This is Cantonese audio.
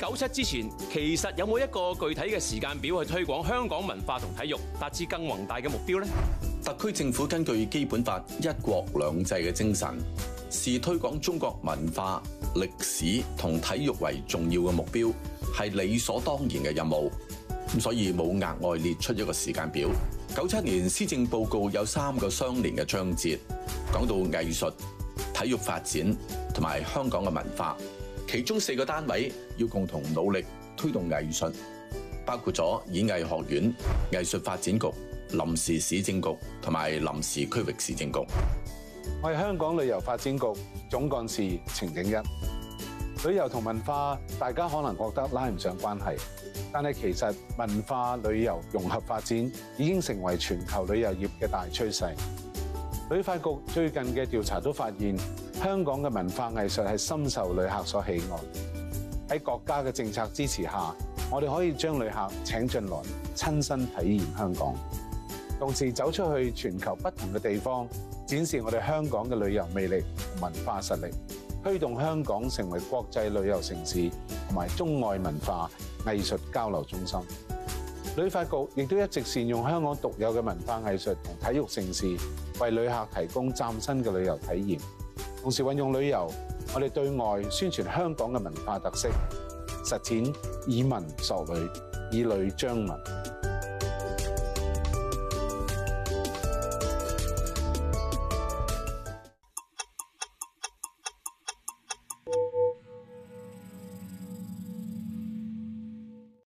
九七之前，其實有冇一個具體嘅時間表去推廣香港文化同體育，達至更宏大嘅目標呢？特區政府根據基本法一國兩制嘅精神，視推廣中國文化、歷史同體育為重要嘅目標，係理所當然嘅任務。咁所以冇額外列出一個時間表。九七年施政報告有三個相連嘅章節，講到藝術、體育發展同埋香港嘅文化。其中四個單位要共同努力推動藝術，包括咗演藝學院、藝術發展局、臨時市政局同埋臨時區域市政局。我係香港旅遊發展局總幹事程鼎一。旅遊同文化，大家可能覺得拉唔上關係，但係其實文化旅遊融合發展已經成為全球旅遊業嘅大趨勢。旅發局最近嘅調查都發現，香港嘅文化藝術係深受旅客所喜愛。喺國家嘅政策支持下，我哋可以將旅客請進來親身體驗香港，同時走出去全球不同嘅地方，展示我哋香港嘅旅遊魅力、文化實力，推動香港成為國際旅遊城市同埋中外文化藝術交流中心。旅發局亦都一直善用香港獨有嘅文化藝術同體育盛事，為旅客提供嶄新嘅旅遊體驗，同時運用旅遊，我哋對外宣傳香港嘅文化特色，實踐以文塑旅，以旅彰文。